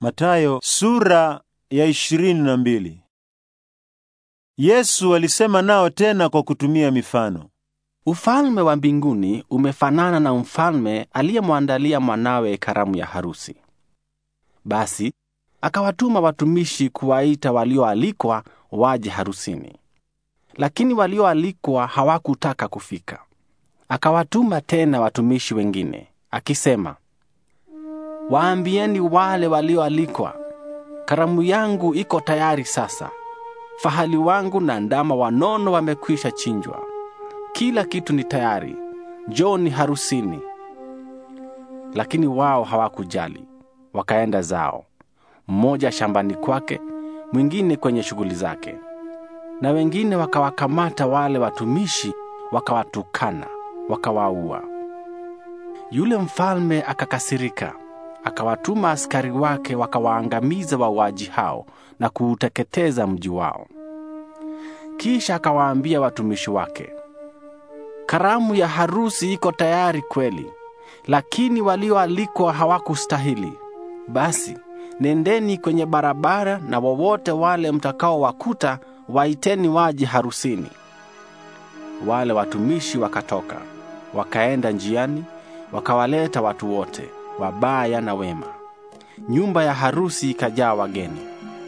Matayo sura ya mbili. Yesu alisema nao tena kwa kutumia mifano. Ufalme wa mbinguni umefanana na mfalme aliyemwandalia mwanawe karamu ya harusi. Basi akawatuma watumishi kuwaita walioalikwa waje harusini, lakini walioalikwa hawakutaka kufika. Akawatuma tena watumishi wengine akisema, Waambieni wale walioalikwa, karamu yangu iko tayari sasa. Fahali wangu na ndama wanono wamekwisha chinjwa. Kila kitu ni tayari, njoni harusini. Lakini wao hawakujali, wakaenda zao, mmoja shambani kwake, mwingine kwenye shughuli zake. Na wengine wakawakamata wale watumishi, wakawatukana, wakawaua. Yule mfalme akakasirika akawatuma askari wake wakawaangamiza wauaji hao na kuuteketeza mji wao. Kisha akawaambia watumishi wake, karamu ya harusi iko tayari kweli, lakini walioalikwa hawakustahili. Basi nendeni kwenye barabara, na wowote wale mtakaowakuta waiteni waji harusini. Wale watumishi wakatoka wakaenda njiani, wakawaleta watu wote wabaya na wema. Nyumba ya harusi ikajaa wageni.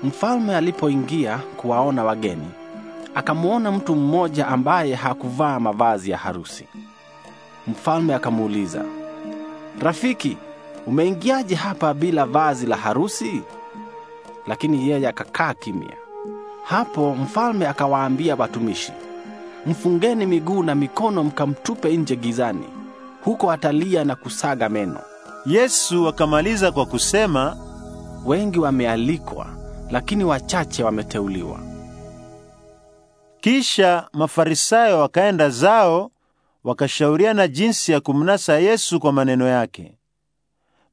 Mfalme alipoingia kuwaona wageni, akamwona mtu mmoja ambaye hakuvaa mavazi ya harusi. Mfalme akamuuliza, rafiki, umeingiaje hapa bila vazi la harusi? Lakini yeye akakaa kimya. Hapo mfalme akawaambia watumishi, mfungeni miguu na mikono, mkamtupe nje gizani, huko atalia na kusaga meno. Yesu akamaliza kwa kusema, wengi wamealikwa, lakini wachache wameteuliwa. Kisha Mafarisayo wakaenda zao, wakashauriana jinsi ya kumnasa Yesu kwa maneno yake.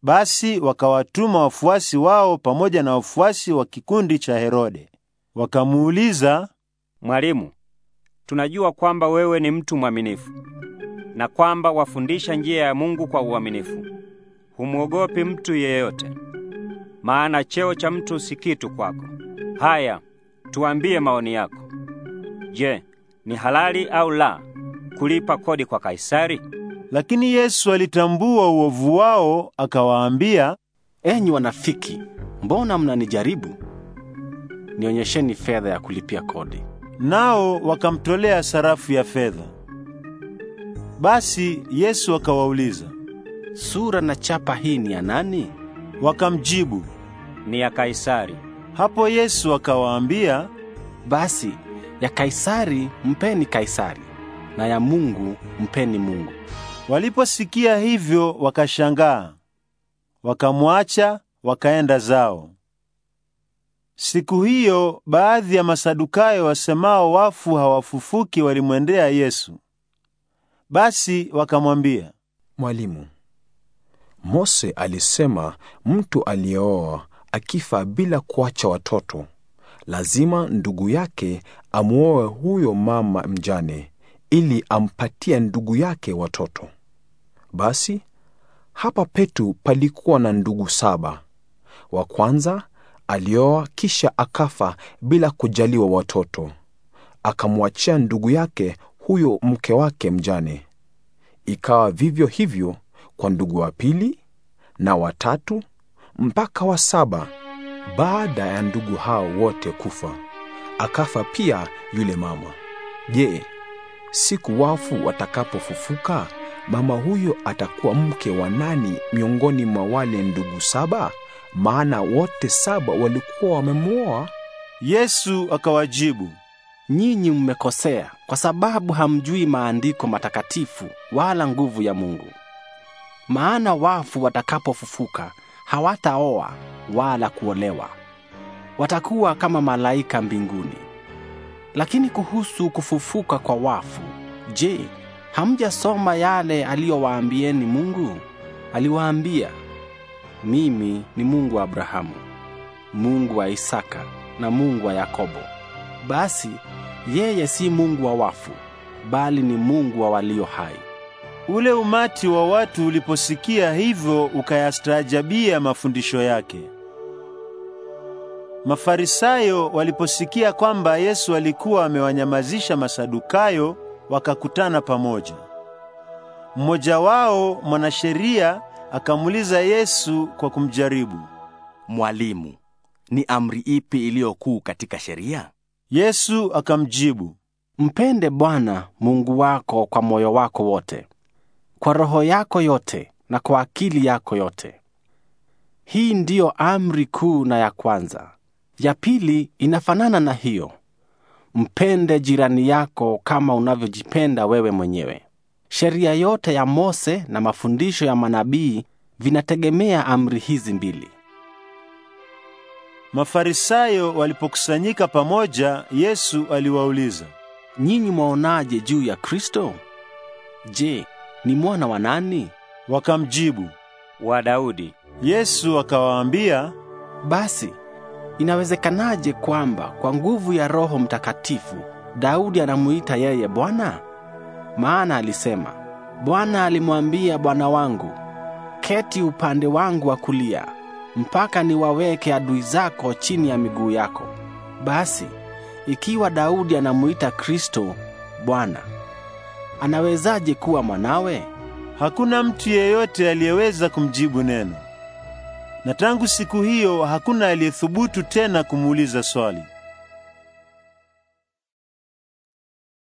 Basi wakawatuma wafuasi wao pamoja na wafuasi wa kikundi cha Herode. Wakamuuliza, Mwalimu, tunajua kwamba wewe ni mtu mwaminifu na kwamba wafundisha njia ya Mungu kwa uaminifu humwogopi mtu yeyote, maana cheo cha mtu si kitu kwako. Haya, tuambie maoni yako. Je, ni halali au la kulipa kodi kwa Kaisari? Lakini Yesu alitambua uovu wao, akawaambia, enyi wanafiki, mbona mnanijaribu? Nionyesheni fedha ya kulipia kodi. Nao wakamtolea sarafu ya fedha. Basi Yesu akawauliza, sura na chapa hii ni ya nani? Wakamjibu, ni ya Kaisari. Hapo Yesu akawaambia, basi ya Kaisari mpeni Kaisari na ya Mungu mpeni Mungu. Waliposikia hivyo wakashangaa, wakamwacha wakaenda zao. Siku hiyo baadhi ya Masadukayo wasemao wafu hawafufuki walimwendea Yesu. Basi wakamwambia, Mwalimu, Mose alisema mtu aliyeoa akifa bila kuacha watoto, lazima ndugu yake amwoe huyo mama mjane ili ampatie ndugu yake watoto. Basi hapa petu palikuwa na ndugu saba. Wa kwanza alioa kisha akafa bila kujaliwa watoto, akamwachia ndugu yake huyo mke wake mjane. Ikawa vivyo hivyo kwa ndugu wa pili na watatu mpaka wa saba. Baada ya ndugu hao wote kufa, akafa pia yule mama. Je, siku wafu watakapofufuka, mama huyo atakuwa mke wa nani miongoni mwa wale ndugu saba? Maana wote saba walikuwa wamemwoa. Yesu akawajibu, nyinyi mmekosea kwa sababu hamjui maandiko matakatifu wala nguvu ya Mungu maana wafu watakapofufuka hawataoa wala kuolewa, watakuwa kama malaika mbinguni. Lakini kuhusu kufufuka kwa wafu, je, hamjasoma yale aliyowaambieni Mungu? Aliwaambia, mimi ni Mungu wa Abrahamu, Mungu wa Isaka na Mungu wa Yakobo. Basi yeye si Mungu wa wafu, bali ni Mungu wa walio hai. Ule umati wa watu uliposikia hivyo ukayastaajabia mafundisho yake. Mafarisayo waliposikia kwamba Yesu alikuwa amewanyamazisha Masadukayo wakakutana pamoja. Mmoja wao mwanasheria akamuuliza Yesu kwa kumjaribu, Mwalimu, ni amri ipi iliyokuu katika sheria? Yesu akamjibu, Mpende Bwana Mungu wako kwa moyo wako wote kwa roho yako yote na kwa akili yako yote. Hii ndiyo amri kuu na ya kwanza. Ya pili inafanana na hiyo: mpende jirani yako kama unavyojipenda wewe mwenyewe. Sheria yote ya Mose na mafundisho ya manabii vinategemea amri hizi mbili. Mafarisayo walipokusanyika pamoja, Yesu aliwauliza, Nyinyi mwaonaje juu ya Kristo? Je, ni mwana wa nani? Wakamjibu, wa Daudi. Yesu akawaambia, basi inawezekanaje kwamba kwa nguvu ya Roho Mtakatifu Daudi anamuita yeye Bwana? Maana alisema, Bwana alimwambia Bwana wangu, keti upande wangu wa kulia mpaka niwaweke adui zako chini ya miguu yako. Basi ikiwa Daudi anamuita Kristo Bwana, anawezaje kuwa mwanawe? Hakuna mtu yeyote aliyeweza kumjibu neno, na tangu siku hiyo hakuna aliyethubutu tena kumuuliza swali.